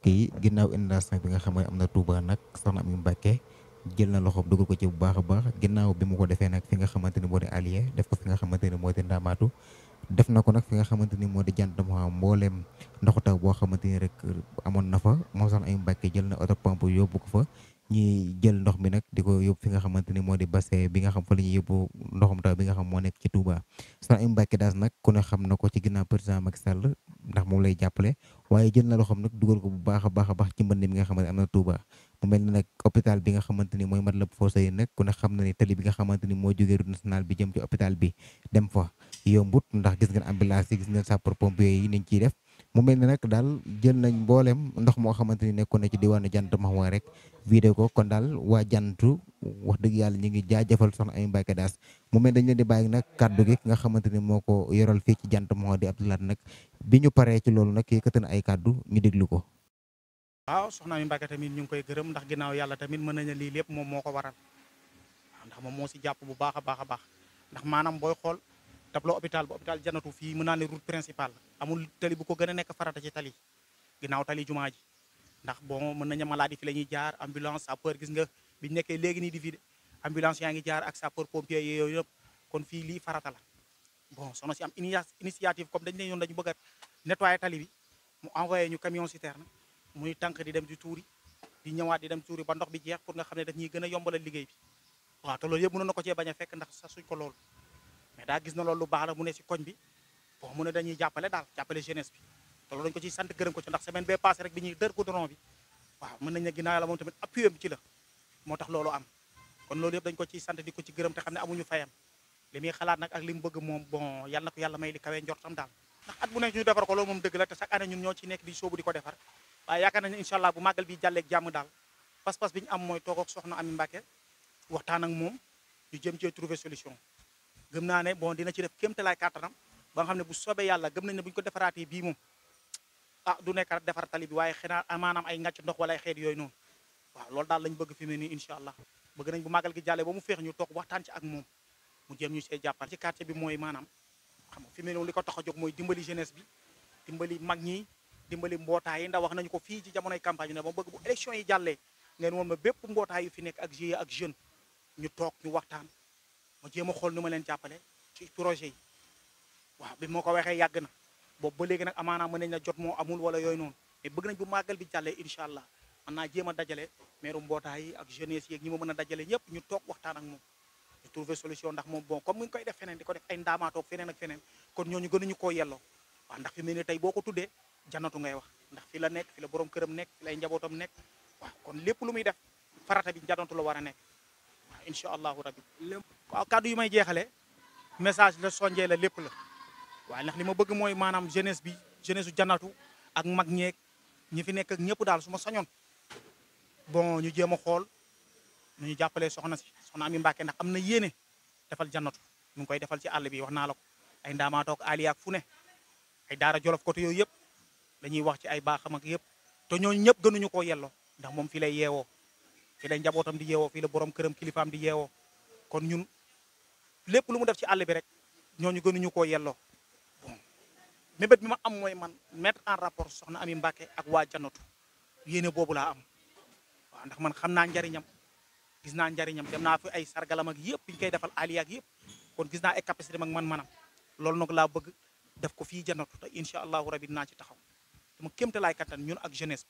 mbokk yi ginnaaw inondation bi nga xam am na Touba nag soxna Amy Mbacké jël na loxo dugal ko ci bu baax a baax ginnaaw bi mu ko defee nag fi nga xamante ni moo di Alieu def ko fi nga xamante ni moo di Ndamaatu def na ko nag fi nga xamante ni moo di jantama mbooleem ndoxu taw boo xamante ni rek amoon na fa moom soxna Amy Mbacké jël na oto pomp yóbbu ko fa ñi jël ndox mi nag di ko yóbbu fi nga xamante ni moo di bassin bi nga xam fa la ñuy yóbbu ndoxum taw bi nga xam moo nekk ci Touba. Soxna Amy Mbacké Daas nag ku ne xam na ko ci ginnaaw président Macky Sall ndax moom lay jàppale waaye jël na loxoom nag dugal ko bu baax a baax baax ci mbënd mi nga xamante ne am na Touba. mu mel na nag hôpital bi nga xamante ni mooy Matlaboul Fawzayni nag ku ne xam na ni tali bi nga xamante ni moo jógee route nationale bi jëm ci hôpital bi dem fa yombut ndax gis ngeen ambulance yi gis ngeen sapeur pompier yi niñ ciy def mu mel ni nag daal jël nañ mboolem ndox moo xamante ni nekkoon na ci diwaanu jant Mahwa rek vidéo ko kon daal waa jantu wax dëgg yàlla ñu ngi jaajëfal soxna Amy Mbacké Daas mu mel dañ leen di bàyyi nag kàddu gi nga xamante ni moo ko yoral fii ci jant Mahwa di Abdou Lahad nag bi ñu paree ci loolu nag yëkkati na ay kàddu ñu déglu ko. waaw soxna Amy Mbacké tamit ñu ngi koy ndax ginnaaw yàlla tamit mën nañu lii lépp moom moo ko waral ndax moom moo si jàpp bu baax a baax a baax ndax maanaam booy xool tablo hôpital bo hôpital janatu fi mu nané route principale amul tali bu ko gëna nek farata ci tali ginaaw tali jumaaji ji ndax bon mën nañu malade fi lañuy jaar ambulance sapeur gis nga bi nekké légui ni di fi ambulance yaangi jaar ak sapeur pompier yoy yop kon fi li farata la bon sono si am initiative comme dañ ne ñoon dañu bëgg nettoyer tali bi mu envoyer ñu camion citerne muy tank di dem di touri di ñëwaat di dem touri ba ndox bi jeex pour nga xamné ne daf ñuy yombalal liggéey bi wa té loolu yëpp mënoon nako ci baña fekk ndax sa suñ ko loolu mais da gis na lolou lu baax la mu ne ci koñ bi bon mu ne dañuy jappalé dal jappalé jeunesse bi te lolou dañ ko ci sante gërëm ko ci ndax semaine bé passé rek bi ñuy dër goudron bi waaw mën nañ ne ginnaaw yàlla tamit appuyé ci la motax lolou am kon lolou yëpp dañ ko ci sante di ko ci gërëm te xamné amuñu fayam limi xalaat nak ak limu bëgg mom bon yalla nako yalla may li dal ndax at bu ne ñu défar ko lolou mom dëgg la té chaque année ñun ñoo ci nekk di soobu di défar defar yaaka nañu bu magal bi jallé jàmm dal pas-pas bi ñu am moy toog ak soxna Ami mbacké waxtaan ak moom ñu jëm ci trouver solution gëm naa ne bon dina ci def kéemtalaay kàttanam ba nga xam ne bu soobee yàlla gëm nañ ne bu ñu ko defaraatee bii moom ah du nekk defar tali bi waaye xanaa amaanaam ay ngàcc ndox wala ay xeet yooyu noonu waaw loolu daal lañ bëgg fi mu ne nii incha allah bëgg nañ bu magal gi jàllee ba mu feex ñu toog waxtaan ci ak moom mu jéem ñu see jàppal ci quartier bi mooy maanaam xam nga fi mu ne li ko tax a jóg mooy dimbali jeunesse bi dimbali mag ñi dimbali mbootaay yi ndax wax nañu ko fii ci jamonoy campagne ne ba bëgg bu élection yi jàllee ngeen woon ma bépp mbootaay yu fi nekk ak GIE ak jeune ñu toog ñu waxtaan ma jema xol numa len jappale ci projet yi wa bi moko waxe yag na boobu ba legi nak amana meñ na jot mo amul wala yoy non e beug nañ bu magal bi jalle inshallah man na jema dajale meru mbootaay yi ak jeunesse yi ak ñima meuna dajale ñep ñu tok waxtaan ak moom ñu trouver solution ndax mom bon comme ñu koy def fenen diko def ay tok fenen ak fenen kon gënu ñu ko yello wa ndax fi meene tay boko tuddé jannatu ngay wax ndax fi la nek fi la borom kërëm nek fi lay njabotam nek wa kon lepp lu muy def farata bi jannatu la wara nek nekk waaw rabbi waaw kàddu yu may jeexale message la sonjee la lépp la waaye ndax li ma bëgg mooy maanaam jeunesse bi jeunesse su janatu ak mag ñeeg ñi fi nekk ak ñëpp daal su ma soñoon bon ñu jéem a xool nu ñu jàppalee soxna si soxna Ami Mbàkke ndax am na yéene defal janatu ñu ngi koy defal ci àll bi wax naa la ko ay ndaamaatoo ak aliyaak fu ne ay daara jolof côté yooyu yëpp dañuy wax ci ay baaxam ak yëpp te ñooñu ñëpp gënuñu koo yelloo ndax moom fii lay yeewoo fii lay njabootam di yeewoo fii la borom këram kilifaam di yeewoo kon ñun lépp lu mu def ci àll bi rek ñooñu gënuñu koo yelloo bon mébét bi ma am mooy man mettre en rapport soxna Ami Mbacke ak waa Jannatu yene boobu laa am waaw ndax man xam naa njariñam gis naa njariñam dem naa fi ay sargalam ak yëpp ñu koy defal aliak yëpp kon gis naa ay capacité ak man manam loolu nag laa bëgg def ko fii Jannatu te incha allahu rabi dinaa ci taxaw dama kéemtalaay kantan ñun ak jeunesse